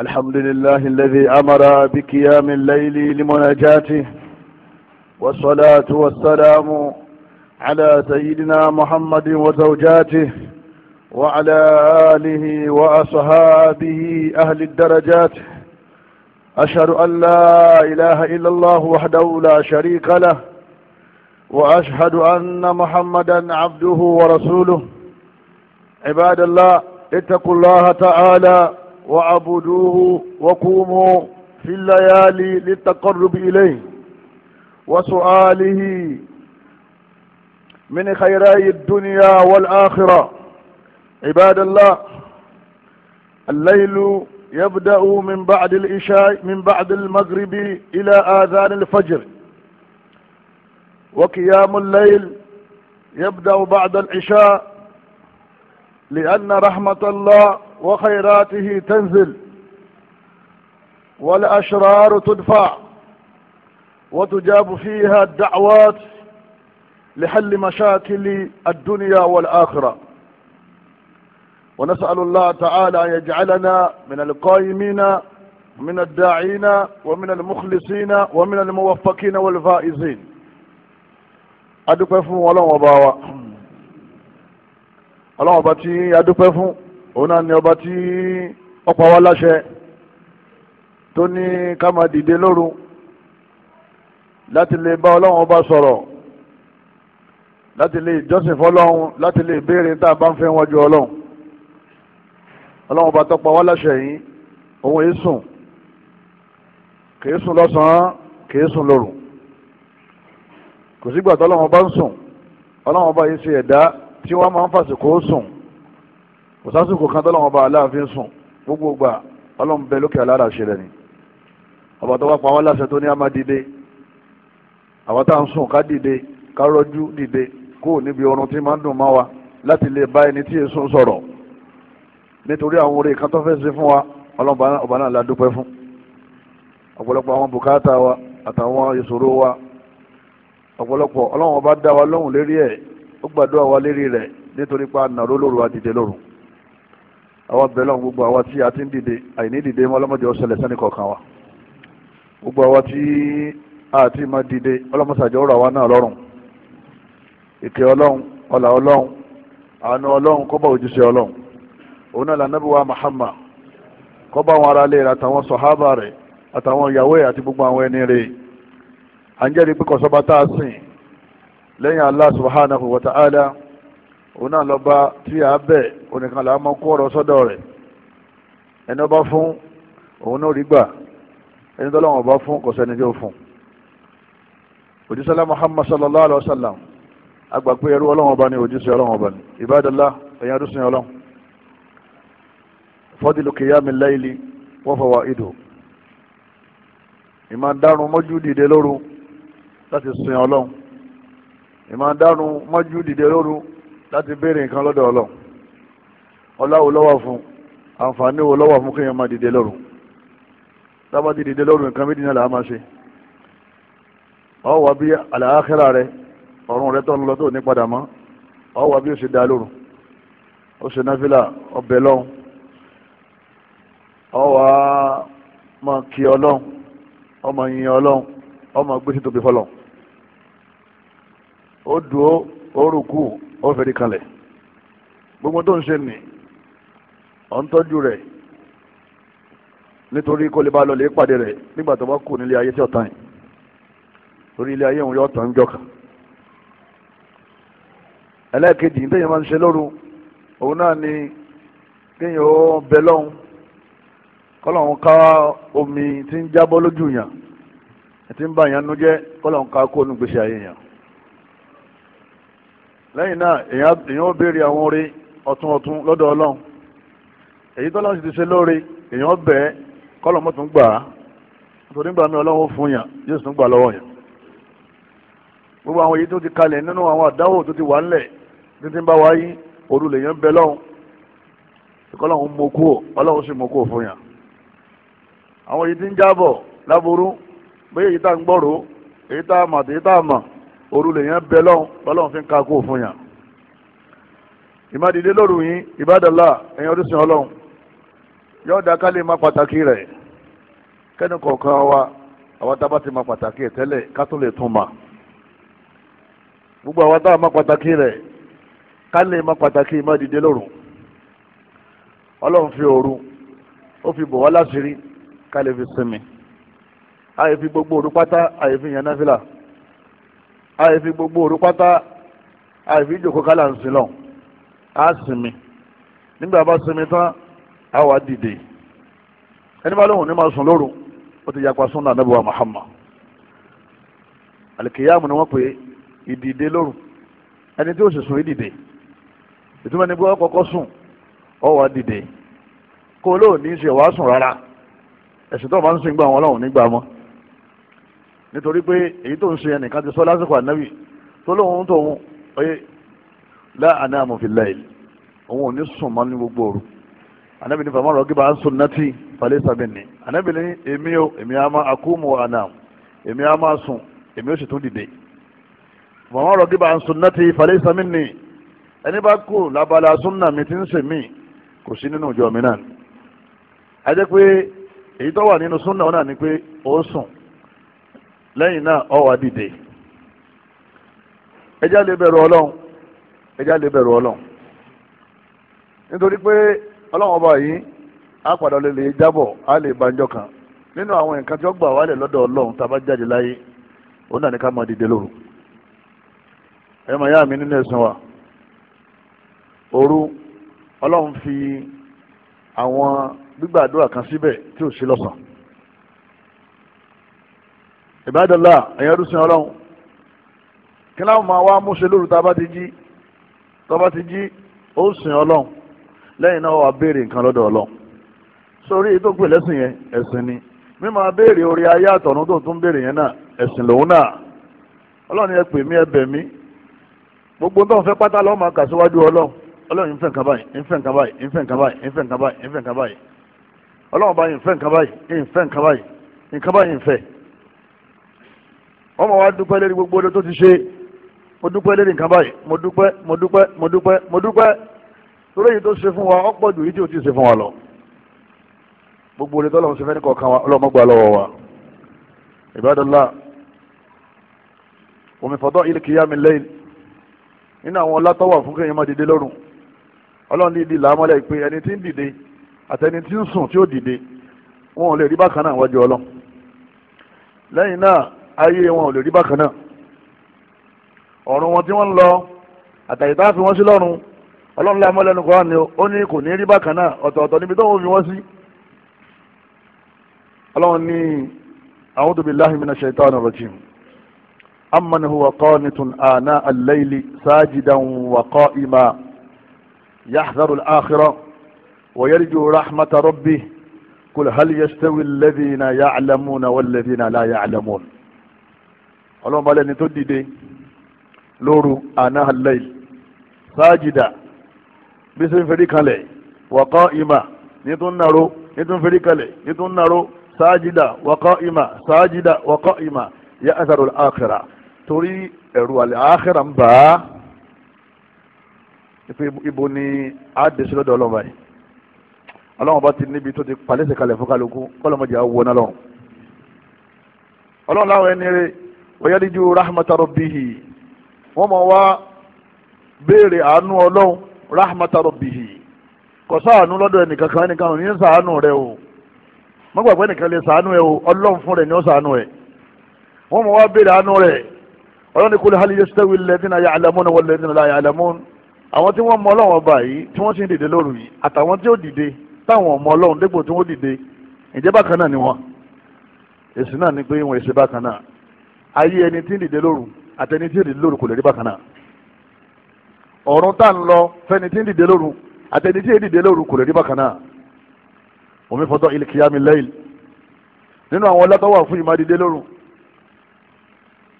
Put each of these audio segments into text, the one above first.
الحمد لله الذي أمر بقيام الليل لمناجاته والصلاة والسلام على سيدنا محمد وزوجاته وعلى آله وأصحابه أهل الدرجات أشهد أن لا إله إلا الله وحده لا شريك له وأشهد أن محمدا عبده ورسوله عباد الله اتقوا الله تعالى واعبدوه وقوموا في الليالي للتقرب إليه وسؤاله من خيري الدنيا والآخرة عباد الله الليل يبدأ من بعد العشاء من بعد المغرب إلى آذان الفجر وقيام الليل يبدأ بعد العشاء لأن رحمة الله وخيراته تنزل والأشرار تدفع وتجاب فيها الدعوات لحل مشاكل الدنيا والآخرة ونسأل الله تعالى أن يجعلنا من القائمين من الداعين ومن المخلصين ومن الموفقين والفائزين أدوك فهم ولا مباوا wa ọlọ́run أدوك فهم òun náà ni ọba tí ó pa wá láṣẹ tó ní ká máa dìde lóru láti lè bá ọlọ́run ọba sọ̀rọ̀ láti lè jọ́sìn fọlọ́run láti lè béèrè tá a bá ń fẹ́ wájú ọlọ́run ọlọ́run ọba tó pa wá láṣẹ yìí òun èé sùn kìí sùn lọ́sàn-án kìí sùn lóru kò sígbà tó ọba ń sùn ọlọ́run ọba yìí ṣe ẹ̀dá tí wọ́n máa ń fàṣìkò sùn kò sásìkò kan tọ́lọ́wọ́n bá aláàfin sùn gbogbo gbà ọlọ́run bẹ lókè alára ṣẹlẹ̀ ni ọba tó bá pa wọn láṣẹ tó ní àmà dìde àwọn tá à ń sùn ká dìde ká rọjú dìde kó níbi ọrùn tí máa ń dùn má wa láti lè bá ẹni tí èso ń sọ̀rọ̀ nítorí àwọn oore kan tó fẹ́ ṣe fún wa ọlọ́run ọba náà la dúpẹ́ fún ọ̀pọ̀lọpọ̀ àwọn bùkátà wa àtàwọn ìṣòro wa ọ̀pọ̀lọpọ̀ ọlọ́run ọba dá wa lóhùn lérí ẹ̀ ó gbàdúrà wa lérí rẹ̀ nítorí pé a nàró lóru a lóru àwọn bẹ̀rẹ̀ gbogbo àwa tí a ti ń dìde àìní dìde mọ́ ọlọ́mọdé ọ̀sẹ̀lẹ̀ sẹ́ni kọ̀ọ̀kan wa gbogbo àwa tí a ti máa dìde ọlọ́mọsàjọ́ ọ̀rọ̀ àwa náà lọ́rùn ìkẹ́ ọlọ́run ọlà ọlọ́run àánú ọlọ́run kọ́bà òjíṣẹ́ ọlọ́run òun náà lànà bíwá Muhammad kọ́bà àwọn aráalé rẹ̀ àtàwọn sọ̀hábà rẹ̀ àtàwọn ìyàwó ẹ̀ àti gbogbo àwọn ẹni rẹ̀ à ń jẹ́rìí pé kọ̀sọ́ba tá a sìn lẹ́yìn Allah subhanahu wa ta'ala òun náà lọ́ba tí a bẹ̀ onìkan làá mọ kó ọ̀rọ̀ sọ́dọ̀ rẹ̀ ẹni ọba fún òun náà rí gbà ẹni tó lọ́wọ́ ọba fún kò sẹ́ni tí ó fún òjísọ́lá muhammad sallallahu alayhi wa sallam àgbà pé ẹrú ọlọ́wọ́n ọba ni òjíṣẹ́ ọlọ́wọ́n ọba ni ìbádọ́lá ẹ̀yin adúsùn ọlọ́wọ́n fọ́dílù kìyàmì láìlì wọ́n ìdò ìmọ̀ dárun mọ́jú dìde lóru láti sin ọlọ́wọ́n ìmọ̀ dárun mọ́jú dìde lóru láti béèrè nǹkan lọ́dọ̀ ọlọ́ ọlá wo lọ́wọ́ fún àǹfààní wo lọ́wọ́ fún kéèyàn máa dìde lọ́rùn tábà ti dìde lọ́rùn nǹkan méjì náà là á máa ṣe ọ wà bí àlàáxírà rẹ ọ̀run rẹ tó ń lọ tó ní padà mọ́ ọ wà bí ó ṣe dá lóru ó ṣe náfìlà ọbẹ̀ lọ́hùn ọ wà máa kí ọlọ́hùn ọmọ yin ọlọ́hùn ọmọ gbèsè tóbi fọlọ́hùn ó dùn ó rùkù ó fèrè kalẹ̀ gbogbo tó ń ṣe nì ọ̀ ń tọ́jú rẹ̀ nítorí kó lè bá lọ lè pàdé rẹ̀ nígbà tó bá nílé ayé tí ọ̀tá yìí torí ilé ayé òun yóò tàn jọ ẹlẹ́ẹ̀kejì ní tẹ́yìn máa ṣe lóru omi tí ń jábọ́ lójú yàn tí ń bá yàn nú jẹ́ kọ́lọ́hún ká kó lẹ́yìn náà èèyàn ó béèrè àwọn oore ọ̀tun ọ̀tun lọ́dọ̀ ọlọ́run èyí tó lọ́run ti ṣe lóore èèyàn bẹ́ẹ̀ kọ́lọ̀ mọ́ tún gbà á nítorí gbà mí ọlọ́run fún yàn yóò sì tún gbà lọ́wọ́ yàn gbogbo àwọn èyí tó ti kalẹ̀ nínú àwọn àdáwò tó ti wà ńlẹ̀ títí ń bá wa òru lèèyàn bẹ lọ́hùn ìkọlọ́hùn mọ kú ò ọlọ́run sì mọ kú ò fún yàn àwọn èyí tí ń jábọ̀ láburú bóyá èyí tá à ń gbọ́rò èyí tá a mọ̀ àti èyí tá a mọ̀ òru lèyàn bẹ lọ́hùn bọ́lọ́hùn fi ń ka kó fún yàn ìmádìílé lóru yín ìbádọ́lá ẹ̀yin orísun ọlọ́hùn yóò dá kálí ma pàtàkì rẹ̀ kẹ́ni kọ̀ọ̀kan wa àwọn tá a bá ti ma pàtàkì ẹ̀ tẹ́lẹ̀ ká tó lè tún ma gbogbo àwọn tá a ma pàtàkì rẹ̀ ká lè ma pàtàkì ìmádìílé lóru ọlọ́hùn fi òru ó fi bò wá láṣìírí ká fi sinmi àyè fi gbogbo òru pátá àyè fi yàn náfìlà. àìfi gbogbo òru pátá àìfi ìjòkó kálá ń sin lọ á sinmi nígbà bá sinmi tán á wà dìde ẹni bá lóhùn ní máa sùn lóru ó ti yapa sunna ànábì wa Muhammad alikiyamu ni wọ́n pè ìdìde lóru ẹni tí ó sì sùn ìdìde ìtumọ̀ ni pé wọ́n kọ́kọ́ sùn ó wá dìde kó lóò ní í ṣe wàá rárá ẹ̀sìn tó o ń nítorí pé èyí tó ń ṣe ẹnìkan ti sọ lásìkò ànábì tó lóun tó ń oye láàánú àmọ̀fìlẹ́yìn òun ò ní sùn mọ́ ní gbogbo òru ànábì ní fàmọ́ rọ̀ ń sùn náà tì sábẹ́ ni ànábì ní èmi o èmi á máa akúmu àná èmi á máa sùn èmi ó sì tún dìde fàmọ́ rọ̀ kí bá ń sùn náà tì falẹ̀ sábẹ́ ni ẹni bá kú labala sunna mi ti ń sè mí kò sí nínú ìjọ mi náà ni. a jẹ́ pé èyí tó wà nínú sunna náà ni pé ó sùn lẹ́yìn náà ọ wà dìde ẹjá lè bẹ̀rù ọlọ́run ẹjá lè bẹ̀rù ọlọ́run nítorí pé ọlọ́run ọba yìí á padà lè lè jábọ̀ á lè banjọ́ kan nínú àwọn nǹkan tí ó gbà wálẹ̀ lọ́dọ̀ ọlọ́run tá a bá jáde láyé ó náà ní ká máa dìde lóru ẹ máa yá mi nínú ẹ̀sìn wa òru ọlọ́run fi àwọn gbígbàdúrà kan síbẹ̀ tí ò sí lọ́sàn-án ìbádọ́lá ẹ̀yẹ́ rúṣin ọlọ́run kí láwọn máa wá múṣe lóru tá a bá ti jí tá a bá ti jí ó sìn ọlọ́run lẹ́yìn náà wà béèrè nǹkan lọ́dọ̀ ọlọ́run sórí èyí tó pè lẹ́sìn yẹn ẹ̀sìn ni mímọ béèrè orí ayé àtọ̀run tó tún béèrè yẹn náà ẹ̀sìn lòun náà ọlọ́run yẹn pè mí ẹ mí gbogbo tó fẹ́ pátá lọ́ọ́ máa kà síwájú ọlọ́run ọlọ́run ìfẹ́ nǹkan báyìí nǹkan báyìí ìfẹ́ wọ́n mọ̀ wá dúpẹ́ lérí gbogbo odò tó ti ṣe mo dúpẹ́ lérí nǹkan báyìí mo dúpẹ́ mo dúpẹ́ mo dúpẹ́ mo dúpẹ́ torí èyí tó ṣe fún wa ọ̀pọ̀ ju èyí tí ò ti ṣe fún wa lọ gbogbo odò tó lọ́wọ́ ṣe fẹ́ nìkan kan wa ọlọ́mọ gbà lọ́wọ́ wa ìbádọ́lá omi fọ́tọ́ ilé kìíyá mi lẹ́yìn nínú àwọn ọlá tó wà fún kéèyàn má dìde lọ́rùn ọlọ́run ní làámọ́lẹ̀ pé ẹni ayé wọn ò lè rí bákan náà ọ̀run wọn tí wọ́n ń lọ àtàyè tá a fi wọ́n sí lọ́run ọlọ́run lé amọ́lẹ́nu kan ni ó ní kò ní rí bákan náà ọ̀tọ̀ọ̀tọ̀ níbi tó ń fi wọ́n sí ọlọ́run ní a'udhu billahi minash shaitani rajim amman huwa qanitun ana al-layli sajidan wa qa'ima yahdharu al-akhirah wa yarju rahmata rabbih qul yastawi alladhina ya'lamuna walladhina la ọlọ́run bá lẹ́ni tó dìde lóru àná aláìl sáàjìdà bí ṣe ń fẹ́rí kalẹ̀ wàkọ́ ìmà ní tó ń naró ní tó ń fẹ́rí kalẹ̀ ní tó ń naró sáàjìdà wàkọ́ ìmà sáàjìdà wàkọ́ ìmà yá àtàrò àkàrà torí ẹ̀rù àlẹ́ àkàrà ń bà á ife ibo ni àdèsí ọlọ́run báyìí ọlọ́run bá ti níbi tó ti palẹ́sẹ̀ kalẹ̀ fún kálukú kọ́lọ́mọdé àwọn wọnà lọ́run ọlọ́run láwọn ẹni rẹ̀ wọ́yẹ́díjú rahmata rabbihi wọ́n mọ̀ wá béèrè àánú ọlọ́run rahmata rabbihi kò sáànú lọ́dọ̀ ẹnìkan kan ẹnìkan ò ní sàánú rẹ o mọ́gbàgbọ́ ẹnìkan lè sàánú ẹ o ọlọ́run fún rẹ ni ó sàánú ẹ wọ́n mọ̀ wá béèrè àánú rẹ ọlọ́run kúlẹ̀ hali yastawi alladhina ya'lamuna walladhina la ya'lamun àwọn tí wọ́n mọ ọlọ́run ọba yìí tí wọ́n sì ń dìde lóru yìí àtàwọn tí ó dìde táwọn ọmọ ọlọ́run dépò tí wọ́n dìde ìjẹ́ bákan náà ni wọ́n èsì náà ni pé wọ́n èsì bákan náà ayé ẹni tí ń dìde lóru àtẹni tí ń dìde lóru kò lè rí bákan náà ọ̀run tá ń lọ fẹ́ni tí ń dìde lóru àtẹni tí ń dìde lóru kò lè rí bákan náà omi fọtọ ilikiyami lẹ́yìn nínú àwọn ọlọ́tọ́wà fún ìmọ̀ dìde lóru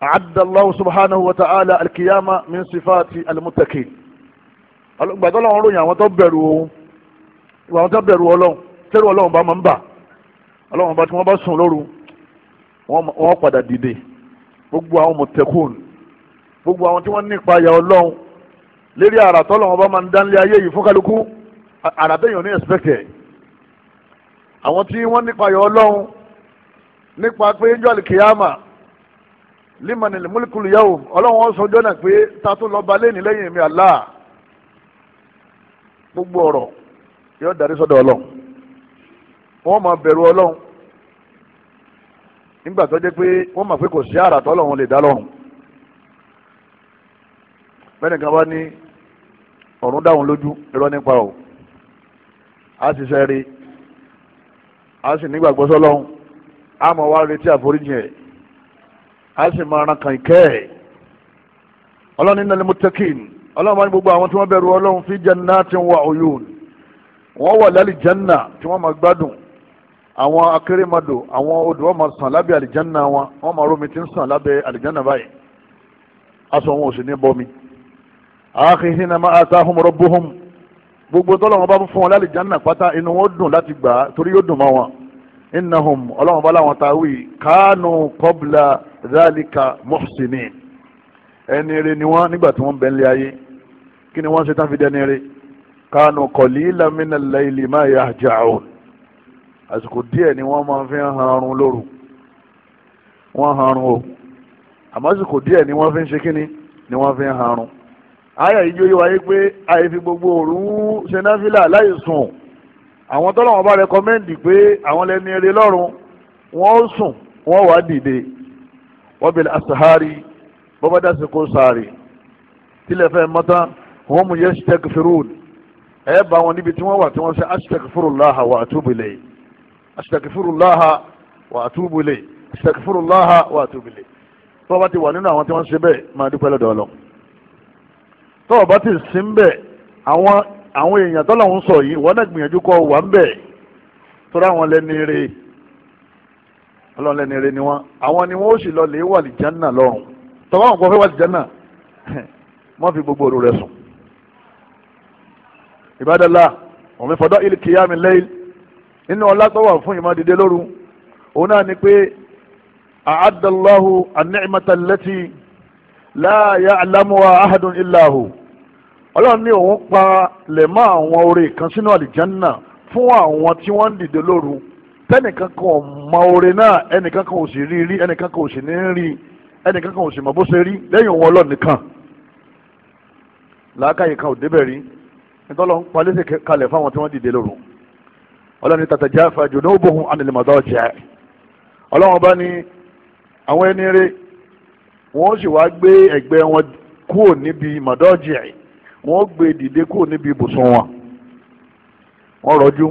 àdàlọ́wọ́ subhanahu wa ta'ala alikiyama min alimutaki gbàtọ́ lọ́wọ́ ròyìn àwọn tó bẹ̀rù òun àwọn tó bẹ̀rù ọlọ́run tẹ́rù ọlọ́run bá máa ń bà ọlọ́run bá tí wọ́n bá sùn lóru wọ́n padà dìde gbogbo àwọn mọ̀tẹ́kùn gbogbo àwọn tí wọ́n ní ìpayà ọlọ́run lérí àrà tọ́lọ̀ wọn bá máa ń dánlé ayé yìí fún kálukú àrà téèyàn ní ẹ̀sìpẹ̀kẹ̀ àwọn tí wọ́n ní ìpayà ọlọ́run nípa pé ẹjọ́ àlìkèyàmà limani múlíkùlù yahoo ọlọ́run wọn sọ jọ́nà pé ta tó lọ ba lẹ́yìn lẹ́yìn mi àlá gbogbo ọ̀rọ̀ yóò darí sọ́dọ̀ ọlọ́run wọ́n máa bẹ̀rù ọlọ́run nígbà tó jẹ́ pé wọ́n mọ̀ pé kò sí àrà tọ́lọ́run lè dá lọ́rùn bẹ́ẹ̀ nìkan wá ní ọ̀run dáhùn lójú irọ́ nípa o a sì sẹ́rí a sì nígbàgbọ́ sọ́lọ́run a mọ̀ wá retí àforíjì ẹ̀ a sì máa ran kàn ìkẹ́ ẹ̀ ọlọ́run nínú ẹni mutakin ọlọ́run máa ní gbogbo àwọn tí wọ́n bẹ̀rù ọlọ́run fi jannatin wa uyun wọ́n wà lálẹ́ janna tí wọ́n máa gbádùn àwọn akérèmọdò àwọn odò wọn máa sàn lábẹ́ àlìjánná wọn wọn máa rómi tí ń sàn lábẹ́ àlìjánná báyìí aṣọ wọn ò sì ní bọmi. àákìhìn náà máa ta ahùn mọ̀rọ̀ gbogbo tọ́lọ̀ wọn bá fún wọn lálìjánná pátá inú wọn dùn láti gbà á torí yóò dùn mọ́ wọn. innahum ọlọ́wọ́n bá láwọn ta wí kánú qabla dhalika muhsinin ẹni rẹ ni wọn nígbà tí wọn bẹ ń ayé kí ni wọn ṣe tá fi dẹni rẹ kánú qalila min al-layli ma yahja'un àsìkò díẹ̀ ni wọ́n máa fi ń hanrun lóru wọ́n hanrun o àmọ́ àsìkò díẹ̀ ni wọ́n fi ń ṣe kíni ni wọ́n fi ń hanrun ayé ìjọ yìí wáyé pé ayé fi gbogbo òru ṣe náfìlà láì sùn àwọn tọ́lọ́wọ́n bá rẹkọmẹ́ǹdì pé àwọn lẹ́ni eré lọ́rùn wọ́n ó sùn wọ́n wà dìde wọ́n bẹ̀rẹ̀ àṣàhárì bọ́bá dàsí kó sáré tilẹ̀ fẹ́ mọ́tán wọ́n mú yẹ́ ṣẹ́kì fìrún ẹ̀ bá wọn níbi tí wọ́n wà tí wọ́n ṣe àṣẹ́kì fìrún láhà wà yìí. astaghfirullah wa atubu ilayhi astaghfirullah wa atubu ti wà nínú àwọn tí wọ́n ń ṣe bẹ́ẹ̀ máa tó ti sí ń àwọn àwọn èèyàn tó lọ́hún sọ yìí wọ́n náà gbìyànjú kọ́ wà ń bẹ̀ lẹ́ni ọlọ́run ni wọ́n àwọn ni wọ́n ó sì lọ lè wà lìjánà lọ́rùn tọ́wọ́ àwọn kan fẹ́ wà wọ́n fi gbogbo òru rẹ̀ sùn ìbádọ́lá òun fọdọ́ ilé lẹ́yìn nínú ọlá tó wà fún ìmọ̀ dìde lóru òun náà ni pé àádọ́láhu anímọ̀tà lẹ́tì láàyè alámúwa ahadun ilahu ọlọ́run ní òun pa lẹ́mọ́ àwọn oore kan sínú àlìjánná fún àwọn tí wọ́n ń dìde lóru tẹ́nìkan kan ò mọ oore náà ẹnìkan kan ò sì rí rí ẹnìkan kan ò sì ní rí ẹnìkan kan ò sì mọ bó ṣe rí lẹ́yìn òun ọlọ́run nìkan làákàyè kan ò débẹ̀ rí nítorí wọn ń palẹ́sẹ̀ kalẹ̀ fáwọn tí wọ́n dìde lóru ọlọ́ni tatajafa junubuhum anil madaji' ọlọ́wọ́n bá ní àwọn ẹni rẹ̀ wọ́n sì wá gbé ẹ̀gbẹ́ wọn kúrò níbi madaji' wọ́n gbé dìde kúrò níbi ibùsùn wọn wọ́n rọjú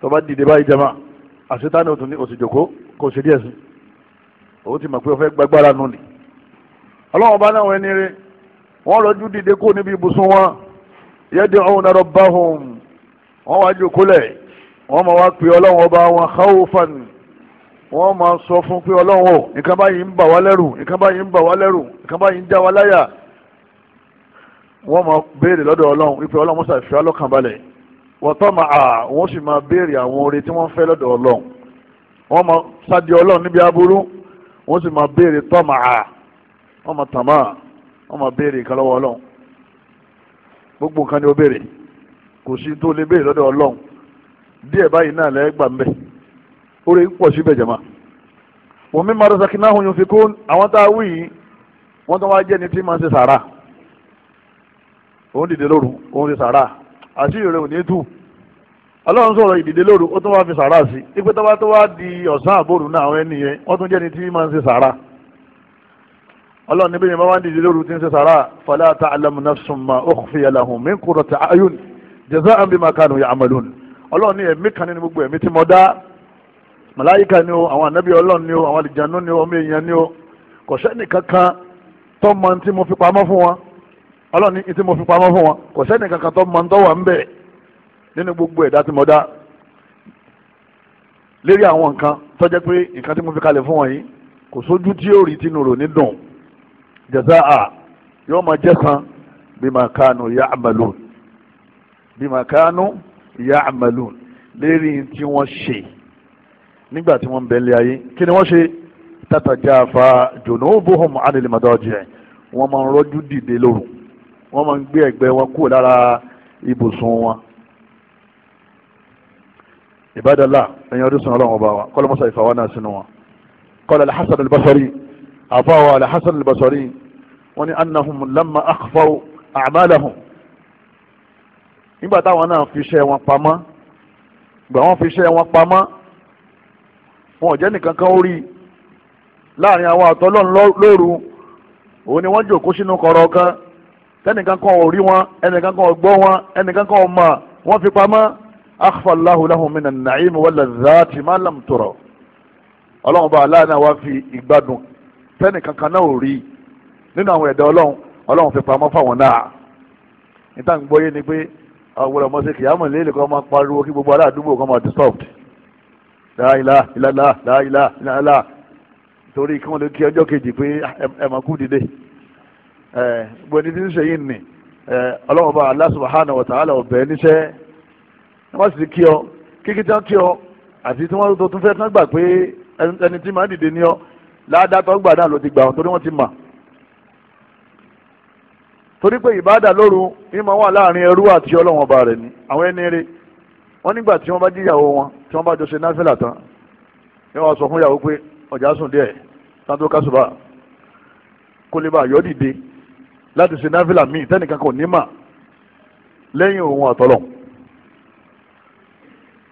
tó bá dìde báyìí jama àṣetánì òtún ní òsìjòkó kò sí díẹ̀ sí òun ti mọ̀ pé ó fẹ́ gbàgbára nù ni ọlọ́wọ́n bá náwọn ẹni wọ́n rọjú dìde kúrò níbi ibùsùn wọn yad'una rabbahum wọ́n wá jókòólẹ̀ wọ́n máa wá pe ọlọ́run ọba wọn khawfan wọ́n máa sọ fún pé ọlọ́run ò nǹkan báyìí ń bà wá lẹ́rù nǹkan báyìí ń bà wá lẹ́rù nǹkan báyìí ń já wá láyà wọ́n máa béèrè lọ́dọ̀ ọlọ́run wípé ọlọ́run mọ́sà fi alọ́kàn balẹ̀ wọ́tọ́ máa à wọ́n sì máa béèrè àwọn oore tí wọ́n fẹ́ lọ́dọ̀ ọlọ́run wọ́n máa sáde ọlọ́run níbi aburú wọ́n sì máa béèrè tọ́ máa à wọ́n máa tàmá wọ́n máa béèrè ìkàlọ́wọ́ ọlọ́run gbogbo nǹkan ni ó béèrè kò sí tó lè béèrè lọ́dọ̀ ọlọ́run díẹ̀ báyìí náà lẹ́ẹ̀ gbà mbẹ́ orí pọ̀ síbẹ̀ jẹ̀mọ́ wọ́n mi máa rọ́ṣà kínáhùn yóò fi kó àwọn tá a wí yìí wọ́n tó wá jẹ́ ni tí máa ń ṣe sàrà òun dìde lóru òun ṣe sàrà àti ìrẹ̀ òní tù ọlọ́run sọ̀rọ̀ ìdìde lóru ó tún wá fi sàrà sí ipe tó bá tó wá di ọ̀sán àbòrò náà àwọn ẹnìyẹn wọ́n tún jẹ́ ni tí máa ń ṣe sàrà ọlọ́run níbi yẹn bá wá dìde lóru tí ń ṣe sàrà fala ta'lamu nafsun ma ukhfiya lahum min qurrati a'yun jaza'an bima kanu ya'malun ọlọ́run ní ẹ̀mí kan nínú gbogbo ẹ̀mí tí mo dá màláyíkà ni o àwọn ànábì ọlọ́run ni o àwọn àlìjánu ni o ọmọ èèyàn ni o kò sẹ́ni kankan tó mọ tí mo fi pamọ́ fún wọn ọlọ́run ní tí mo fi pamọ́ fún wọn kò sẹ́ni kankan tó mọ tó wà ń gbogbo ẹ̀dá tí mo dá lérí àwọn nǹkan tó pé nǹkan tí mo fi kalẹ̀ fún wọn yìí kò sójú tí yóò rí tinú rò ní dùn jazaa yóò máa jẹ́ san bima kanu ya'malun bima kanu ya'malun lérí tí wọ́n ṣe nígbà tí wọ́n bẹ̀lẹ̀ ayé kí ni wọ́n ṣe tatajafa junubuhum 'anil madaji' wọ́n máa ń rọ́jú dìde lóru wọ́n máa ń gbé ẹ̀gbẹ́ wọn kúrò lára ibùsùn wọn. ibadallah ẹ̀yin ọdún sùn ọlọ́run ọba wa kọ́lọ́ mọ́sá ìfàwọ́ náà sínú wọn. qala al-Hasan al-Basri àfàwọ̀ al-Hasan al-Basri lamma akhfaw a'malahum nígbà táwọn náà fi iṣẹ́ wọn pamọ́ gbà wọ́n fi iṣẹ́ wọn pamọ́ wọn ò jẹ́ nìkan kan ó rí i láàrin àwọn àtọ́lọ́n lóru òun ni wọ́n jòkó sínú kọ̀rọ̀ kan tẹ́nìkan kan ò rí wọn ẹnìkan kan ò gbọ́ wọn ẹnìkan kan ò mọ̀ wọ́n fi pamọ́ akhfallahu lahum mina na'im wala zaati ma lam tura ọlọ́run bá aláàánú wa fi ìgbádùn tẹ́nìkan kan náà ò rí nínú àwọn ẹ̀dá ọlọ́run fi pamọ́ fáwọn náà níta ń gbọ́ ni pé ọ̀gbọ̀dọ̀ mọ̀ sí kìyàmọ̀ lé lẹ́kọ̀ọ́ máa pariwo kí gbogbo aládùúgbò kan máa disrupt láìlá ìlàlá láìlá ìlàlá torí kí wọ́n lè kí ọjọ́ kejì pé ẹ máa kú dìde gbòdì tí ń ṣe yìí nì ọlọ́run bá Allah subhanahu wa ta'ala ọ̀bẹ níṣẹ́ wọ́n sì kí ọ kíkí tí wọ́n kí ọ àti tí wọ́n tó tún fẹ́ tán gbà pé ẹni tí máa dìde ní ọ ládàá tó gbà náà ló ti gbà ọ torí wọ́n ti mà torí pé ìbáàdà lóru ní máa wà láàrin ẹrú àti ọlọ́wọ́n ọba rẹ̀ ni àwọn ẹni rẹ̀ wọ́n nígbà tí wọ́n bá jíyàwó wọn tí wọ́n bá jọ ṣe náfìlà tán ni wọ́n sọ fún ìyàwó pé ọjà sùn díẹ̀ santo kásùbà kó lè bá yọ dìde láti ṣe náfìlà míì tẹ́nìkan kò ní mà lẹ́yìn òun àtọ́lọ̀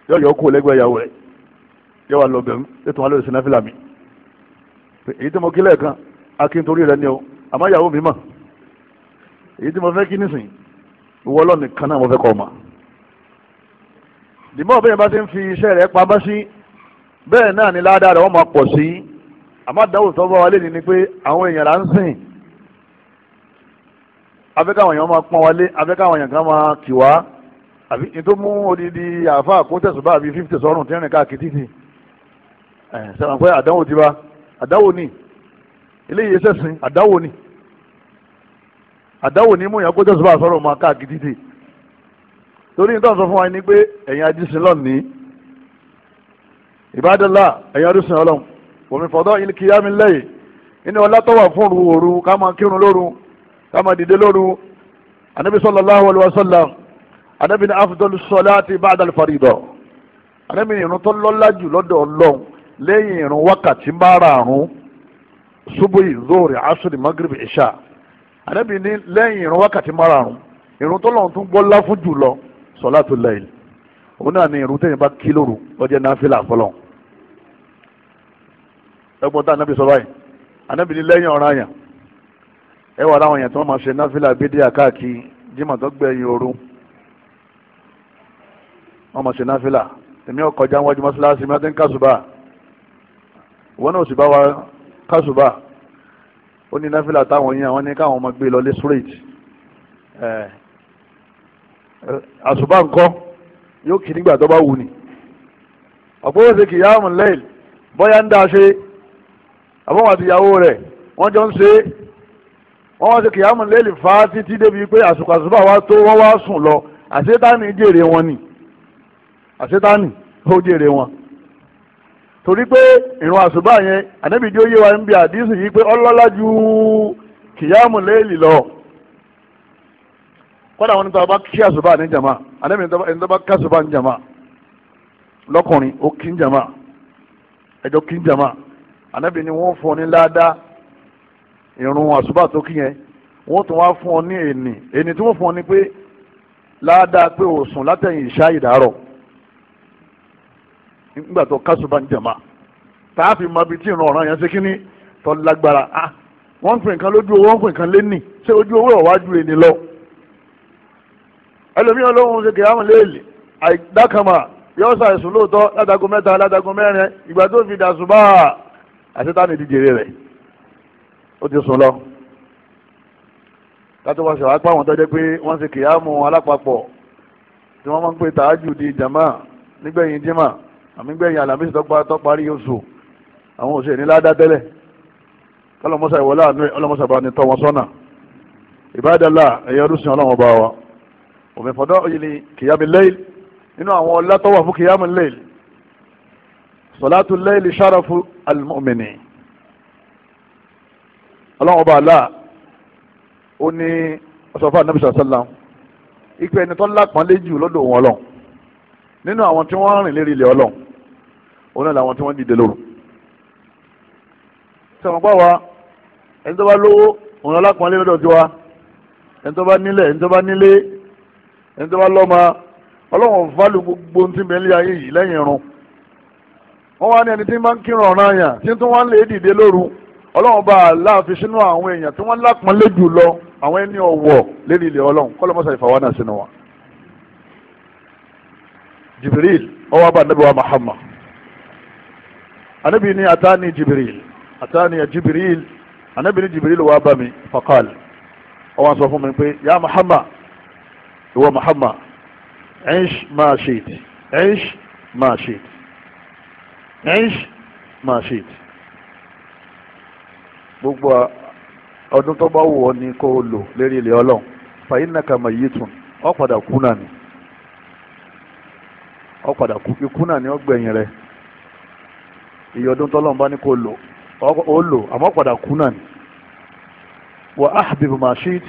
yọ yọ kó lẹ́gbẹ̀ẹ́ ìyàwó rẹ̀ yọ wà lọ́bẹ̀rún ètò wọn lè ṣe náfìlà míì èyí tí mo kí lẹ́ẹ̀kan akíntorí rẹ ni o àmọ́ ìyàwó mi mọ̀ èyí tí mo fẹ́ kí nísìnyí ìwọ ọlọ́run nìkan náà mo fẹ́ kọ́ ọ ma dìbò bẹ́ẹ̀ bá ti ń fi iṣẹ́ rẹ̀ pamọ́ sí bẹ́ẹ̀ náà ni ládàá rẹ̀ wọ́n máa pọ̀ sí àmọ́ dáwò tó bá wa lé ní ni pé àwọn èèyàn là ń sìn afẹ́káwọn èèyàn máa pọ́n wa lé afẹ́káwọn èèyàn kan máa kì wá àbí ní tó mú odidi àáfàá kó tẹ̀sùn bá àbí fífi sọ́rùn tí ń káàkiri títì ẹ̀ sẹ́wọ̀n pé àdánwò ti bá àdánwò ni eléyìí ẹsẹ̀ sìn àdánwò ni àdáwò ní múyàn kójọ́ sọ́ba sọ̀rọ̀ máa káàkiri títì torí nítorí sọ fún wa ni pé ẹ̀yin ajísìn lọ́n ní ìbádọ́lá ẹ̀yin arísìn ọlọ́run òmìn fọ́dọ́ ilé kíyámi lẹ́yìn inú ọlá tó wà fún òru ká máa kírun lóru ká máa dìde lóru anabi sallallahu alayhi wa sallam anabi ni afdol sọláàtì ba'dal faridọ anabi irun tó lọ́lá jù lọ́dọ̀ ọlọ́run lẹ́yìn irun wákàtí márààrún subuhi zori asuri magribi isha ànábì ní lẹ́yìn irun wákàtí márààrún irun tó lọ́n tún gbọ́lá fún jù lọ sọ̀látù láyl òun náà ni irun téèyàn bá kí lóru ọjọ́ náfìlà fọlọ́ ẹgbọ́n tá ànábì sọ báyìí ànábì ní lẹ́yìn ọ̀ràn àyàn ẹ wà láwọn èèyàn tí wọ́n máa ṣe náfìlà bídíà káàkiri jimá tó gbẹ̀yìn òru wọ́n máa ṣe náfìlà èmi ọkọjá wájú mọ́ṣáláṣí mi á ti ń kásùbà wọn náà sì bá wa kásùbà ó ní náfìlà táwọn yẹn àwọn ní káwọn ọmọ gbé lọlé straight àṣùbà ńkọ́ yóò kì nígbà tó bá wù ní ọ̀pọ̀ òsè kì yáàmù lẹ́yìn bọ́yá ń dáa ṣe àbọ̀wọ̀n àti ìyàwó rẹ̀ wọ́n jọ ń ṣe é wọ́n wá ṣe kì yáàmù lẹ́yìn fa títí débi pé àsùkò àṣùbà wa tó wọ́n wá sùn lọ àṣetáni jèrè wọn ni àṣetáni ó jèrè wọn torí pé ìrun àṣùbà yẹn ànábì tí ó yé wa ń bi àdísù yìí pé ọlọ́lá ju kìyàmù léèlì lọ kọ́dà wọn ní tọ́ba kí àṣùbà ní jàmá ànábì ní tọ́ba kí àṣùbà ní jàmá lọ́kùnrin ó kí ń jàmá ẹjọ́ kí ń jàmá ànábì ni wọ́n fún ọ ní ládàá ìrun àṣùbà tó kí yẹn wọ́n tún wá fún ọ ní ènì ènì tí wọ́n fún ọ ní pé ládàá pé òsùn látẹ̀yìn ìṣá ìdárọ̀ nígbà tó kásùbà ń tààfin mabi tí ìran yẹn ṣe kínní tó lágbára ah wọ́n ń nǹkan lójú owó wọ́n ń nǹkan lẹ́nì ṣé ojú owó ọ̀wájú ènì lọ. ẹlòmíràn lóhun ṣe kìyàmù léèlì àìdákàmà yóò ṣàìsùn lóòótọ́ ládago mẹ́ta ládago mẹ́rin ìgbà tó fi dàsùbà àṣetánì dídìrè rẹ̀ ó ti sùn lọ. láti wá ṣe wàá àwọn tọ́jú pé wọ́n ṣe alápapọ̀ tí àmìgbẹ̀yìn alamisi tọ́pa tọ́parí oṣù àwọn oṣù ìnílá dá tẹ́lẹ̀ kọlọmọsà ìwọlá àánú ọlọmọsà bá ní tọ́ wọn sọ́nà ìbádàlá ẹ̀yẹ ọdún ọlọ́run ọba wa òmìn fọdọ́ òyìnbí kìyàmì lẹ́yìn nínú àwọn ọlá tó wà fún kìyàmì lẹ́yìn sọlátù lẹ́yìn sáràfù almu'mini ọlọ́run ọba àlá ó ní ọsọfà nàbìsà sálàm ìpè ẹni tó lápọ́nlé jù lọ́dọ̀ wọn lọ nínú àwọn tí wọ́n rìn lérí ilẹ̀ ọlọ́run òun náà làwọn tí wọ́n dìde lóru sọ̀rọ̀ pa wa ẹni tó bá lówó òun alákùnrin lọ́dọ̀ tiwa ẹni tó bá nílẹ̀ ẹni tó bá nílé ẹni tó bá lọ́mọ ọlọ́wọ́n fálù gbogbo ohun tí ń bẹ ní ayé yìí lẹ́yìn irun wọ́n wá ní ẹni tí ń bá ń kírun ọ̀ràn yàn tí tún wá lè dìde lóru ọlọ́run bá aláàfin sínú àwọn èèyàn tí wọ́n lápọ́nlé jù lọ àwọn ẹni ọ̀wọ̀ lérí ilẹ̀ ọlọ́run kọ́lọ́mọ́sá ìfàwọ́ náà sínú wọn. Jibril ọwọ́ abá nàbẹ̀wá Muhammad anabi ni atani jibril atani ya jibril anabi ni jibril wá bá mi fakal so wá sọ fún mi pé ya muhammad ìwọ muhammad ish ma shit ish ma shit ish ma shit gbogbo ọdún tó bá wù ọ́ ni kó o lò lérí ilẹ̀ ọlọ́run fàyínàkà mayitun ó padà kú náà ni ọ padà kú ikú náà ni ó gbẹ̀yìn rẹ̀. iye ọdún tọ́lọ́run bá ní kó lò ó lò àmọ́ padà kú náà ni wà á habibu masheed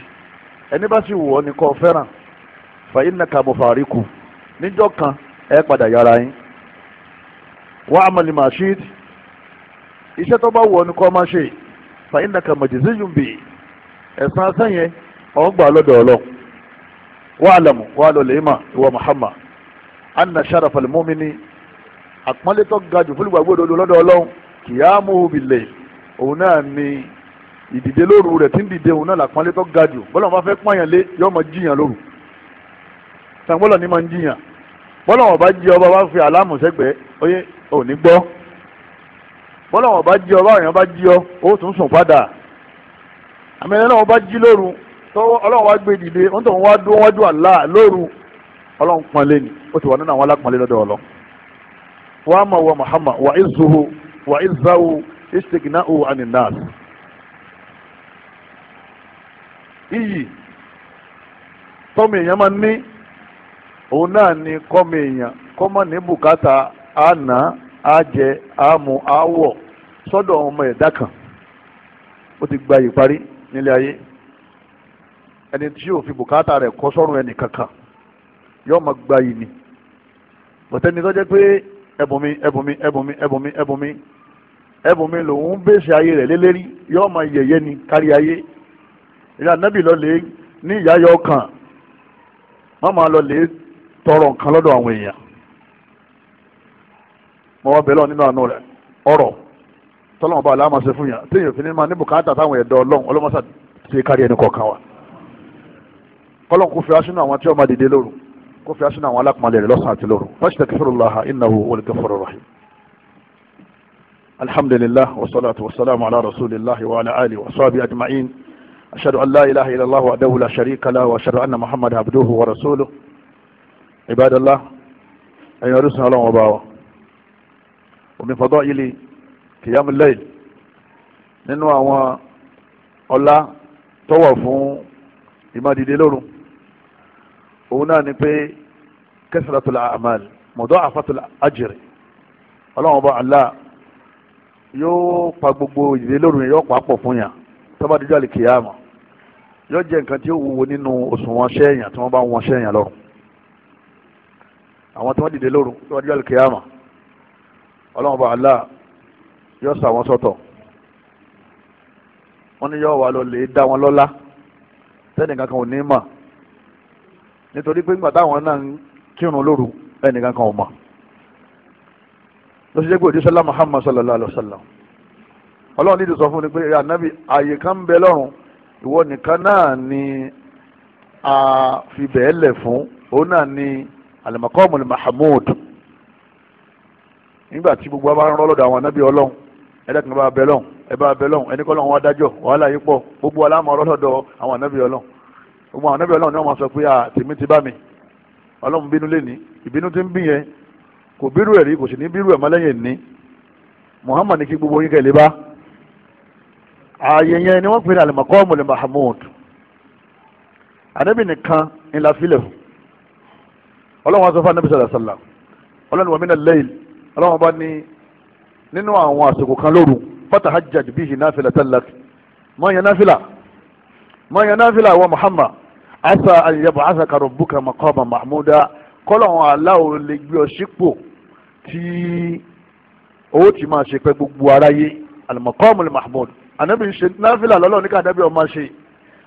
ẹni bá sì wù ọ́ ní kọ́ fẹ́ràn fàyín nàka mọ̀fàríkù níjọ́ kan ẹ padà yára yín wà á mọ̀lì masheed iṣẹ́ tó bá wù ọ́ ní kọ́ máa ṣe fàyín nàka mọ̀jẹ̀sí yùn bì ẹ̀sán sẹ́yìn ọ̀gbà lọ́dọ̀ ọlọ́run wà á lẹ̀mú wà á lọ lè ìwà Muhammad anna sharaf al-mumini àpọ́nlé tó ga jù fún ìgbàgbọ́ òdodo lọ́dọ̀ ọlọ́run kìyàmù bìlẹ̀ òun náà ni ìdìde lóru rẹ̀ tí ń dìde òun náà làpọ́nlé tó ga jù bọ́lá wọn bá fẹ́ pọ́nyàn lé yọ ọmọ jiyàn lóru sanwó-ọlọ́ ni máa ń jiyàn bọ́lá wọn bá jí ọba wá fi àlámù sẹ́gbẹ̀ẹ́ oyè òní gbọ́ bọ́lá wọn bá jí ọba òyìn bá jí ọ ó tún sùn padà àmì ẹ̀rọ náà bá jí lóru tọ́wọ́ ọlọ́run wá gbé dìde wọ́n tó wá fama wa muhammad wa izuhu wa izahu istighna'u anin nas iyì tọ́mọ èèyàn máa ní òun náà ni kọ́mọ èèyàn kọ́mọ ní bùkátà àná àjẹ àmú àwọ̀ sọ́dọ̀ ọmọ ẹ̀dá kan ó ti gba ìparí nílé ayé ẹni tí yóò fi bùkátà rẹ̀ kọ́ sọ́run ẹnì kankan yóò máa gba yìí ni bọ̀tẹ́ni tó jẹ́ pé ẹbùnmi ẹbùnmi ẹbùnmi ẹbùnmi ẹbùnmi ẹbùnmi lòun bèsè ayé rẹ̀ lélẹ́rí yóò máa yẹ̀yẹ́ ni kárí ayé ìyá anábì lọ́lẹ̀ ní ìyáyọ ọkàn má máa lọ́lẹ̀ tọrọ nǹkan lọ́dọ̀ àwọn èèyàn mọ wá bẹ̀rẹ̀ nínú àánú rẹ̀ ọ̀rọ̀ tọ́lọ́mọba aláàmọ̀ṣe fún yàn téèyàn fi ní máa ní bùkátà táwọn ẹ̀dọ́ ọlọ́run ọlọ́mọṣà ṣe kárí ẹni wa fi aṣínú àwọn tí dìde lóru kó fi aṣọ àwọn alákùnmalẹ̀ rẹ̀ lọ́sàn-án àti lóru wastaghfirullaha innahu huwal ghafurur rahim. alhamdulillah wa salatu wa salamu ala rasulillah wa ala alihi wa sahbihi ajma'in ashhadu an la ilaha illallah wahdahu la sharika lahu wa ashhadu anna muhammadan abduhu wa rasuluhu ibadallah ẹ̀yin orísun ọlọ́run ọba wa omi fọdọ́ ilé kìyàmúlẹ́yìn nínú àwọn ọlá tó wà fún ìmọ̀dìdè lóru òun náà ni pé kasratul a'mal mudha'afatul ajr ọlọ́run ọba Allah yóò pa gbogbo ìdílé lóru yẹn yóò pa pọ̀ fún yàn tó bá dijọ́ àlìkìyàmọ̀ yóò jẹ́ nǹkan tí ó wúwo nínú òṣùwọ̀n ṣẹ́yàn tí wọ́n bá wọn ṣẹ́yàn lọ́rùn àwọn tí wọ́n dìde lóru tó bá dijọ́ àlìkìyàmọ̀ ọlọ́run ọba Allah yóò sà wọ́n sọ́tọ̀ wọ́n ní yóò wà lọ lè dá wọn lọ́lá tẹ́nìkan kan ò ní mà nítorí pé nígbà táwọn náà ń kírun lóru ẹnìkan kan ò mọ̀ ló ṣe jẹ́ pé òdìsọ́lá Muhammad sallallahu alayhi wa sallam ọlọ́run nídìí sọ fún mi pé ànábì àyè kan ń bẹ lọ́rùn ìwọ nìkan náà ni a fi bẹ́ẹ̀ lẹ̀ fún òun náà ni alimakomu mahamud nígbà tí gbogbo abá ń rọ́ lọ́dọ̀ àwọn ànábì ọlọ́run ẹ̀dẹ́kùn bá bẹ lọ́run ẹ bá bẹ lọ́run ẹnikọ́ lọ́run wá dájọ́ wàhálà yìí pọ̀ gbogbo aláàmọ̀ ọlọ́dọ̀ àwọn ànábì ọlọ́run gbogbo àwọn anábìyàn ọlọ́run ni wọ́n máa sọ pé tèmi ti bá mi ọlọ́run bínú lé ní ìbínú ti ń bí yẹn kò bírú ẹ̀ rí kò sì ní bírú ẹ̀ mọ́lẹ́yìn ní Muhammad ní kí gbogbo yín kẹ́lẹ́ bá ààyè yẹn ni wọ́n pè ní alimakọ́ọ̀mù ní Mahmud anábì nìkan ń fún ọlọ́run wá sọ fún anábì sọ̀rọ̀ sọ̀lá ọlọ́run wà mí nà lẹ́yìn bá ní nínú àwọn àsìkò kan lóru fatahajjaj bihi náfìlà tẹ́lẹ̀ mọ̀ yẹn náfìlà mọ̀ yẹn náfìlà wa Muhammad asa ayẹbọ asaka rọbùkà makọọba mahmuda kọlọ́hún aláwo lè gbé ọ sípò tí owó tí máa ṣe pẹ́ gbogbo aráyé alimakọ́ọ̀mù mahmud anabi ṣe náfìlà lọ́lọ́ ní ká anabi ọ máa ṣe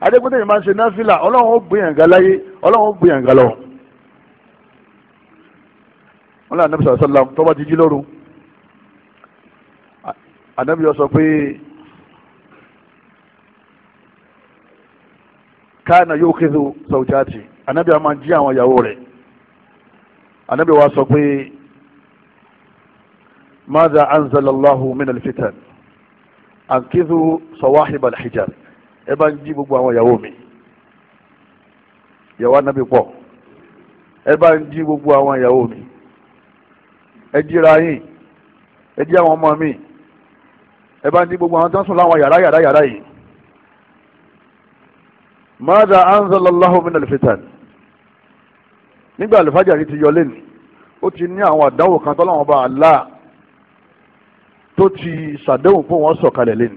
adékúndé yìí máa ṣe náfìlà ọlọ́run ó gbìyàn ga láyé ọlọ́run ó gbìyàn ga lọ. wọn lé anabi sàlám tó bá ti jí lóru anabi ọ sọ pé. kana yukhidhu zawjati anabi a máa jí àwọn ìyàwó rẹ̀ anabi wa sọ pé madha anzalallahu min alfitan ankidhu sawahib alhijar ẹ bá ń jí gbogbo àwọn ìyàwó mi ìyàwó anabi pọ̀ ẹ bá ń jí gbogbo àwọn ìyàwó mi ẹ jíra yín ẹ jí àwọn ọmọ mi ẹ bá ń jí gbogbo àwọn tó ń sùn láwọn yàrá yàrá yàrá yìí mada anzalallahu min alfitan nígbà alifajari ti yọ lẹ́nu ó ti ní àwọn àdánwò kan tọ́lọ́wọ́n bá Allah tó ti sàdéhùn fún wọn sọ̀kalẹ̀ lẹ́nu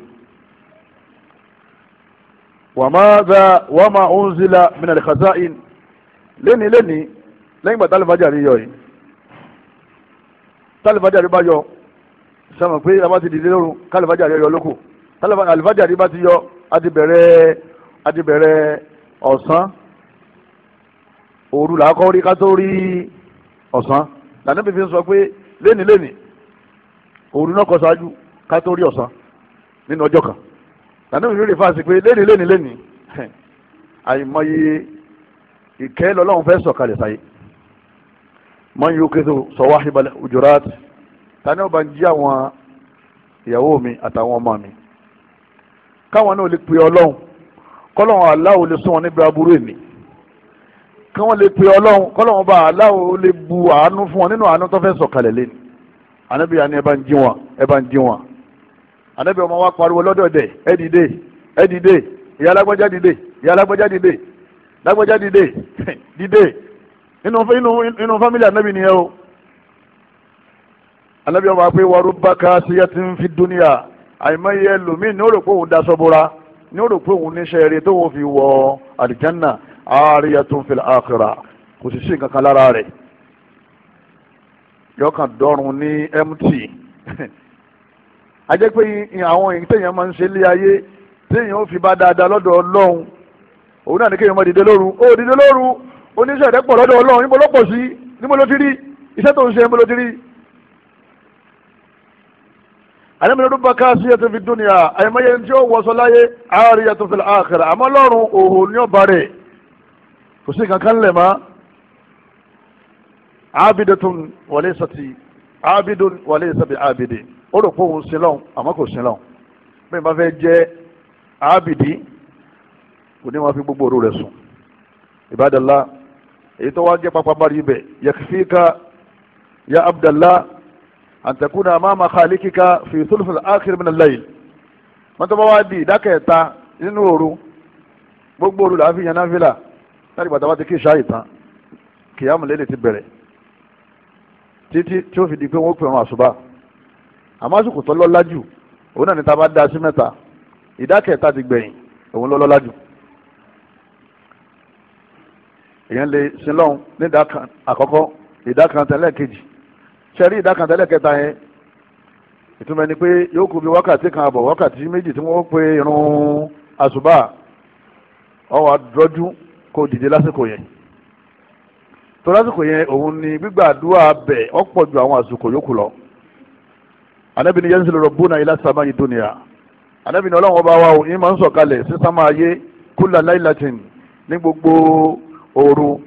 wa mada wa ma unzila min alkhaza'in lẹ́ni lẹ́ni lẹ́yìn gbà tálífàjàrí yọ yìí tálífàjàrí bá yọ sọmọ pé a bá ti dìde lóru kálífàjàrí yọ lóko tálífàjàrí bá ti yọ a ti bẹ̀rẹ̀ àti bẹ̀rẹ̀ ọ̀sán òru làákọ́ rí ká tó rí ọ̀sán lànà fífi sọ pé léni léni òru náà kọ ṣáájú ká tó rí ọ̀sán nínú ọjọ́ kan lànà fífi rí fáṣí pé léni léni léni àìmọye ìkẹ́ lọ́lọ́run fẹ́ sọ̀kalẹ̀ sáyé man yóò késo sọ̀wá ìbalẹ̀ òjòrát tani ọba ń jí àwọn ìyàwó mi àtàwọn ọmọ mi káwọn náà lè pe ọlọ́run kọ́lọ́hún aláwo lè sún wọn níbi aburú èmi kí wọ́n lè pe ọlọ́hún kọ́lọ́hún bá aláwo lè bu àánú fún wọn nínú àánú tó fẹ́ sọ̀kalẹ̀ lé ní anabi yanni ẹ bá ń jí wọn ẹ bá ń jí wọn anabi ọmọ wa pariwo lọ́dọ̀dẹ̀ ẹ dìde ẹ dìde ìyá alágbájá dìde ìyá alágbájá dìde lágbájá dìde dìde inú inú inú fámìlì anabi nìyẹn o anabi ọmọ wa pé wàrú bá ká síyá ti ń fi dúnìyà àìmọye ẹlòmíín ní ó rò pé òun da sọ́bùra ní ó rò pé òun níṣẹ́ eré tó wọ́n fi wọ àlìjánà ariyatun fil akhirah kò sì sí kankan lára rẹ̀ yọkàn dọ́run ní mt a jẹ́ pé àwọn èyí téèyàn máa ń ṣe lé ayé téèyàn ó fi bá dáadáa lọ́dọ̀ ọlọ́run òun náà ní kéèyàn máa dìde lóru ó dìde lóru oníṣẹ́ rẹ̀ pọ̀ lọ́dọ̀ ọlọ́run níbo ló pọ̀ sí níbo ló ti rí iṣẹ́ tó ń ṣe níbo ló ti rí àyẹ̀mí lọ́dún bá káàsì yẹtò fi dúnìyà àyẹ̀mí yẹn tí ó wọṣọ láyé àárí yẹtò fi àkhírà àmọ́ lọ́rùn òhò ní ọba rẹ̀ kò sí kankan lẹ̀ mọ́ abidatun wàlẹ́ sati abidun wàlẹ́ sabi abidi ó rò pé òun sílọ̀ àmọ́ kò sílọ̀ bẹ́ẹ̀ bá fẹ́ jẹ́ abidi kò ní wọn fi gbogbo òru rẹ̀ sùn ìbádàlá èyí tó wá jẹ́ pápá bá rí ya abdallah an takuna amama khalikika fi thuluthil akhir min al-layl wọ́n tó bá wá di ìdákẹ́ta nínú òru gbogbo òru làá fi yan náfìlà láti gbàtà bá ti kí ìṣá ìtàn kìyàmù lélẹ̀ ti bẹ̀rẹ̀ títí tí ó fi di pé wọ́n pè wọn àṣùbà àmọ́ àsìkò tó lọ́lá jù òun náà ní ta bá dá sí mẹ́ta ìdákẹ́ta ti gbẹ̀yìn òun ló lọ́lá jù èèyàn lè sin lọ́hùn ní ìdá kan àkọ́kọ́ ìdá kan tẹ́lẹ̀ kejì sẹ́rí ìdákàntẹ́lẹ̀ kẹta yẹn ìtumọ̀ ni pé yóò kú bí wákàtí kan àbọ̀ wákàtí méjì tí wọ́n pe irun àṣùbà ọwọ́ àdúrójú kò dìde lásìkò yẹn tó lásìkò yẹn òun ni gbígbàdúrà bẹ̀ ọ̀pọ̀ ju àwọn àsìkò yòókù lọ anabi ni yanzilu rabbuna ila samai dunya anabi ni ọlọ́run ọba wa ò ní máa ń sọ̀kalẹ̀ sí sámà ayé kulla laylatin ní gbogbo òru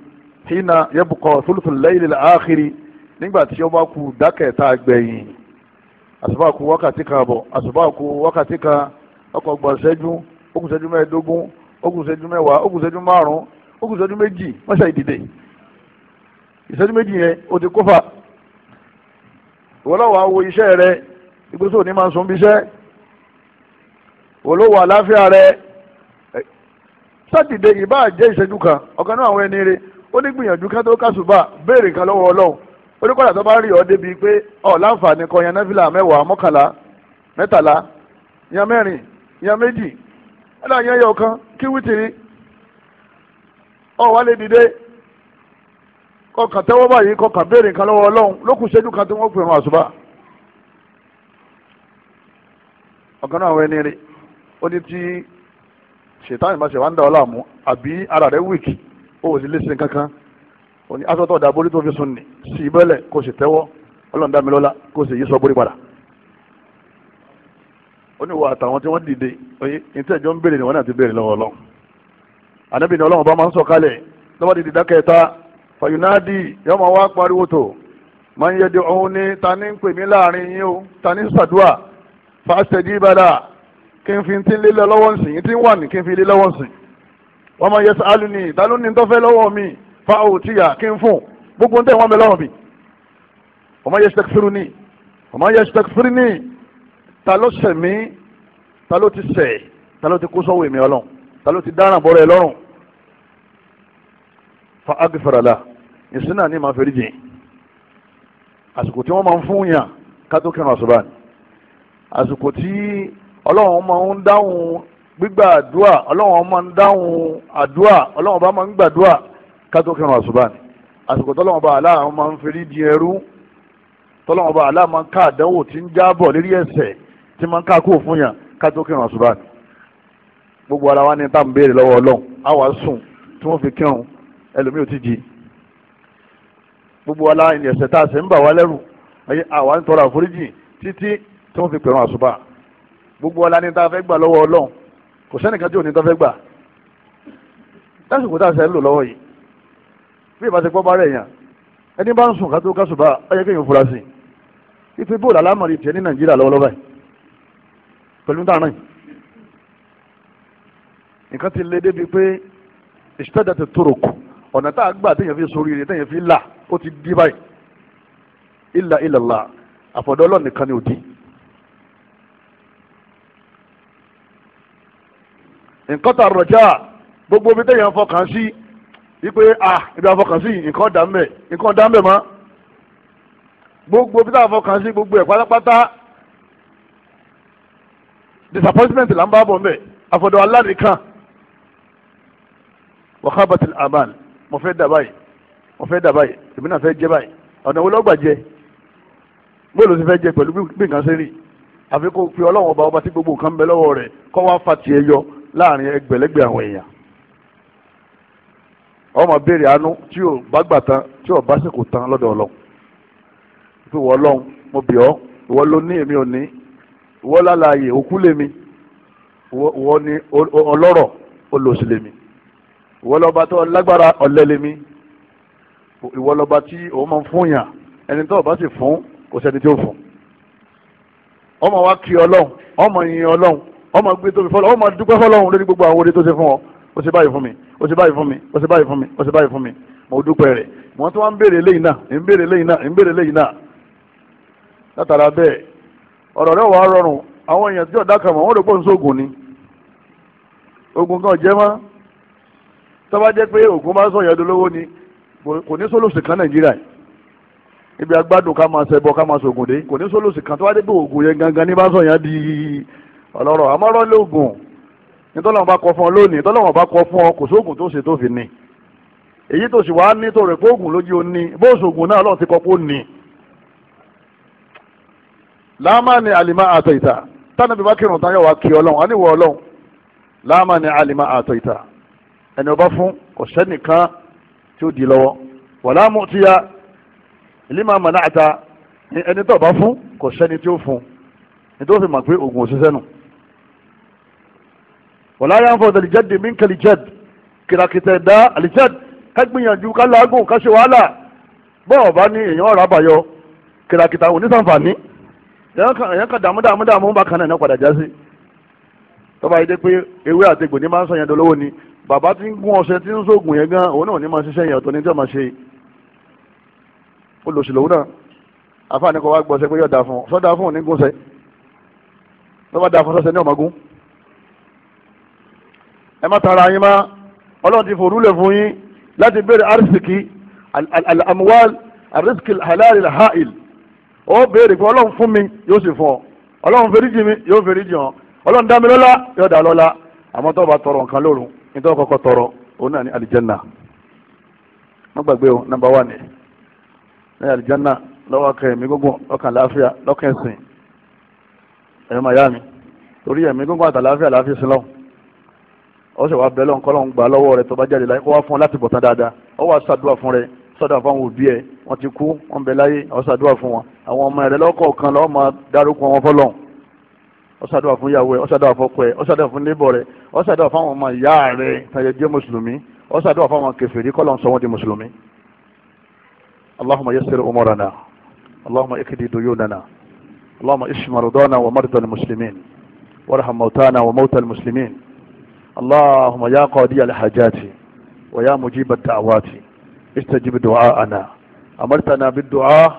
hina yabqa thuluthul layli al-akhiri nígbà tí ó bá kù dákẹ́ta gbẹ̀yìn àsùbá kù wákàtí kan àbọ̀ àsùbá kù wákàtí kan ọkọ̀ọ̀gbọ̀n ṣẹ́jú ó kù ṣẹ́jú mẹ́ẹ̀ẹ́dógún ó kù ṣẹ́jú mẹ́wàá ó kù ṣẹ́jú márùn-ún ó kù ṣẹ́jú méjì mọ́ṣá ìdìde ìṣẹ́jú méjì yẹn ó ti kófà ìwọ́lọ́wọ́ àwo iṣẹ́ rẹ ìgbésò ní máa ń sun bí iṣẹ́ olówó àláfíà rẹ sátidé ìbá jẹ́ ìṣẹ́jú kan ọ̀kan náà àwọn ẹni rẹ ó ní gbìyànjú ká kásùbà béèrè kan lọ́wọ́ ọlọ́run oníkọ́lá tó bá rí ọ débi pé ọ láǹfààní kan yan ya mẹ́wàá mọ́kànlá mẹ́tàlá yan mẹ́rin yan méjì ẹ̀dá yan yọ kan kí wítìrí ọ wá lè dìde kọkàn tẹ́wọ́ báyìí kọkàn béèrè nǹkan lọ́wọ́ ọlọ́run lókùn ṣẹ́jú kan tí wọ́n pè wọn àṣùbà ọ̀kan náà àwọn ẹni rí ó ní tí wá ń láàmú àbí ara rẹ̀ wíìkì òní asọ́tọ̀ ọ̀dà borí tó fi sùn ní sí ibẹ̀lẹ̀ kó sì tẹ́wọ́ ọlọ́run dá mi lọ́lá kó sì yí sọ borí padà. oníwà àtàwọn tí wọ́n dìde oye ìtẹ́jọ́ ń béèrè ni wọ́n náà ti béèrè lọ́wọ́ ọlọ́run. ànábì ni ọlọ́run bá máa ń sọ̀kalẹ̀ lọ́wọ́ dìde dákẹ́ta fàyínádì yọ máa wá pariwo tó máa ń yẹdi ọ̀hún ní ta ní ń pè mí láàrin yín o ta ní sàdúà fàṣẹjì ìbàdà kí n fi ti lé lé lọ́wọ́ nsìn fa o ti yà kí n fún gbogbo ń tẹ̀ wọ́n mi lọ́rùn mi ọmọ yẹ sẹ́kfìrì ni ọmọ yẹ sẹ́kfìrì ni ta ló ṣẹ̀ mí ta ló ti ṣẹ̀ ta ló ti kó sọ́wọ́ èmi ọlọ́run ta ló ti dáràn bọ́rọ̀ ẹ lọ́rùn fa agbèfarala ìsìn náà ní màá fẹ́rí jìn àsìkò tí wọ́n máa ń fún yàn kátó kẹrin àṣùbà ni àsìkò tí ọlọ́run máa ń dáhùn gbígbà àdúà ọlọ́run máa ń dáhùn àdúà ọlọ́run bá máa ń gbàdúà kátó kírun àṣùbà ni àsìkò tọ́lọ́mọba aláà máa ń ferí di ẹrú tọ́lọ́mọba aláà máa ká àdánwò tí ń jábọ̀ lérí ẹ̀ṣẹ̀ tí máa ń ká kó fún yàn kátó kírun àṣùbà ni gbogbo ara wa ní tá à ń béèrè lọ́wọ́ ọlọ́run á wàá sùn tí wọ́n fi kírun ẹlòmíì ò ti jí gbogbo ala ẹni ẹ̀ṣẹ̀ tá a ṣẹ̀ ń bà wá lẹ́rù àwa ń tọrọ àforíjì títí tí wọ́n fi pẹ̀rùn àṣùbà gbogbo ala ní tá a fẹ́ gbà lọ́wọ́ ọlọ́run kò sẹ́nìkan tí ò ní tá fẹ́ gbà lásìkò tá a ṣẹ̀ ń lò lọ́wọ́ yìí bí ìbá ti gbọ́ bá rẹ̀ yàn ẹni bá ń sùn ká tó ká sùn bá ọ yẹ kí èèyàn fura sí i ife bóòlù alámọ̀rí tiẹ̀ ní nàìjíríà lọ́wọ́lọ́wọ́ báyìí pẹ̀lú dáná yìí nǹkan ti lé débi pé ìṣítàjà ti tóró kù ọ̀nà tá a gbà téèyàn fi sórí rẹ̀ téèyàn fi là ó ti dí báyìí ìlà ìlàlà àfọ̀dọ́ ọlọ́ọ̀ nìkan ni ò dí. nǹkan tà rọ̀jà gbogbo omi téèyàn fọkàn sí wípé ah ibi àfọkànsí nǹkan dà mbẹ nǹkan dà mbẹ mọ́ gbogbo bí táwọn àfọkànsí gbogbo ẹ̀ pátápátá disappointment la ń bá bọ̀ mbẹ àfọ̀dọ̀ alárìíkan wàhábàtì amal mo fẹ́ dà báyìí mo fẹ́ dà báyìí èmi náà fẹ́ jẹ báyìí ọ̀nà wo lọ́gbà jẹ bóyá ló ti fẹ́ jẹ pẹ̀lú bí nǹkan ṣe rí àfi fi ọlọ́run ọba ọba tí gbogbo nǹkan ń bẹ lọ́wọ́ rẹ̀ kọ́ wá fa tiẹ̀ yọ láàrin ẹgbẹ̀lẹ́gbẹ̀ àwọn èèyàn ọmọ béèrè àánú tí ò bá gbà tán tí ò bá sìkò tán lọ́dọ̀ ọlọ́run fi wọ́ ọlọ́run mo bì ọ́ ìwọ ló ní èmi ò ní ìwọ lálàyé òkú lèmi ìwọ ni ọlọ́rọ̀ olóòsì lèmi ìwọ lọ́ba tó lágbára ọ̀lẹ lèmi ìwọ lọ́ba tí òun máa ń fún yàn ẹni tó bá sì fún kò sẹ́ni tí ó fún ọmọ wa kí ọlọ́run ọmọ yin ọlọ́run ọmọ gbé tóbi fọlọ́run ọmọ dúpẹ́ fọlọ́run lórí gbogbo àwọn oore tó ṣe fún ọ ó ṣe báyìí fún mi ó ṣe báyìí fún mi ó ṣe báyìí fún mi ó ṣe báyìí fún mi mo dúpẹ́ rẹ̀ mo tún wá ń béèrè lẹ́yìn náà ń béèrè lẹ́yìn náà ń béèrè lẹ́yìn náà látara bẹ́ẹ̀ ọ̀rọ̀ rẹ̀ wàá rọrùn àwọn èèyàn tí ọ̀dà kan mọ̀ wọ́n rò pé ń sóògùn ni ogun kan jẹ́ mọ́ tọ́ba jẹ́ pé ogun bá sọ̀yàn adolówó ni kò ní sólùsì kan nàìjíríà yìí ibi agbádùn ká máa ṣẹbọ ká máa ṣògùn dé kò ní sólùsì kan tó wá dé pé oògùn yẹn gangan ní bá sọ̀yàn di ọlọ́rọ̀ àmọ́rọ́ lóògùn nítọ́lọ́wọ́n bá kọ fún ọ lónìí tọ́lọ́wọ́n bá kọ fún ọ kò sóògùn tó ṣe tó fi ní èyí tó sì wá ní tó rẹ̀ lójú òní bóòsògùn náà ọlọ́run ti kọ́ pó ní. láàmà ni àlìmá àtọ̀ ìta tánà bíbá kírun tán yóò wá kí ọlọ́run á níwọ̀ ọlọ́run láàmà ni àlìmá àtọ̀ ìta ẹni ọba fún kò sẹ́nìkan tí ó di lọ́wọ́ wàlá mú ti ya ìlímà mọ̀nà àta ẹni tó ọba fún kò sẹ́ni tí ó fún ni tó pé òògùn òṣìṣẹ́ nù wọ̀lá yà ń fọ̀ dàlìjẹ́dì mí kẹlìjẹ́dì kìràkìtẹ̀ dá àlìjẹ́dì ká gbìyànjú ká láàgùn ká ṣe wàhálà bọ́ọ̀ bá ní èèyàn ọ̀rọ̀ àbàyọ kìràkìtà òní sàǹfààní èèyàn kan dààmú dààmú dààmú bá kan náà padà já sí tọ́ba yìí dé pé ewé àtegbò ní máa ń sọ yẹn dolówó ni bàbá tí ń gún ọṣẹ tí ń sóògùn yẹn gan òun náà ní máa ṣiṣẹ́ yẹn ọ̀tọ̀ ní tí wọ́n máa ṣe olùsìlòwò náà àfààní kan wá gbọ́ ọṣẹ pé yóò dáa fún ọ sọ́dà fún òní gúnṣẹ́ tọ́ba dáa fún ọṣẹ ní ọ̀mọ́gún ẹ má tara yín má ọlọ́run ti fòrú lẹ̀ fún yín láti béèrè arísìkì alamuwal arísìkì halal alhail ó béèrè pé ọlọ́run fún mi yóò sì fún ọ ọlọ́run fèrèjì mi yóò fèrèjì hàn ọlọ́run dá mi lọ́lá yóò dá lọ́lá àmọ́ tó bá tọrọ nǹkan lóru nítorí kọ́kọ́ tọrọ òun náà ní alijanna má gbàgbé o nàmbà wà ní ní alijanna lọ́wọ́ ọkàn ẹ̀mí gbogbo ọkàn láàfíà lọ́kàn ẹ̀sìn ẹ̀rọ màyà mi torí ẹ̀mí gbogbo àtàláfíà láàfíà sí ó sì wá bẹ́ẹ̀ lọ́n kọ́lọ́n gbà lọ́wọ́ rẹ̀ tó bá jáde láyé ó wá fún ọ láti bọ̀ tán dáadáa ó wá ṣàdúrà fún rẹ̀ sọ́dọ̀ fáwọn òbí ẹ̀ wọ́n ti kú wọ́n bẹ láyé ó ṣàdúrà fún wọn àwọn ọmọ rẹ̀ lọ́kọ̀ọ̀kan lọ́ọ́ máa dárúkọ wọn fọlọ́n ó ṣàdúrà fún ìyàwó ẹ̀ ó ṣàdúrà fọ́kọ ẹ̀ ó ṣàdúrà fún níbọ̀ rẹ̀ ó ṣàdúrà fáwọn ọmọ ìyá rẹ̀ tàyẹ jẹ́ mùsùlùmí ó ṣàdúrà fáwọn kèfèrí kọ́lọ́n sọ wọ́n di mùsùlùmí. allahumma اللهم يا قاضي الحاجات ويا مجيب الدعوات استجب دعاءنا أمرتنا بالدعاء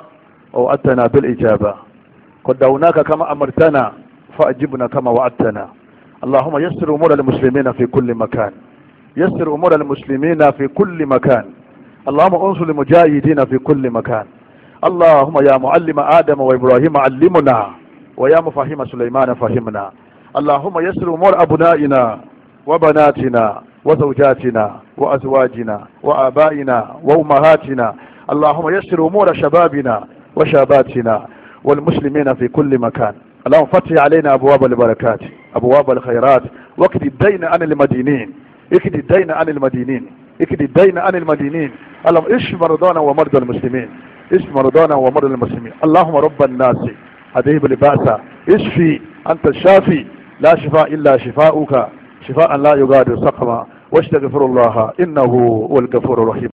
واتنا بالإجابة قد دعوناك كما أمرتنا فأجبنا كما وعدتنا اللهم يسر أمور المسلمين في كل مكان يسر أمور المسلمين في كل مكان اللهم انصر المجاهدين في كل مكان اللهم يا معلم آدم وإبراهيم علمنا ويا مفهم سليمان فهمنا اللهم يسر أمور أبنائنا وبناتنا وزوجاتنا وأزواجنا وآبائنا وأمهاتنا اللهم يسر أمور شبابنا وشاباتنا والمسلمين في كل مكان اللهم فتح علينا أبواب البركات أبواب الخيرات واكد الدين عن المدينين اكد الدين عن المدينين اكد الدين عن المدينين اللهم اشف مرضانا ومرضى المسلمين اشف مرضانا ومرضى المسلمين اللهم رب الناس أذهب البأس اشفي أنت الشافي لا شفاء إلا شفاؤك شفاء لا يغادر سقما واشتغفر الله إنه هو الغفور الرحيم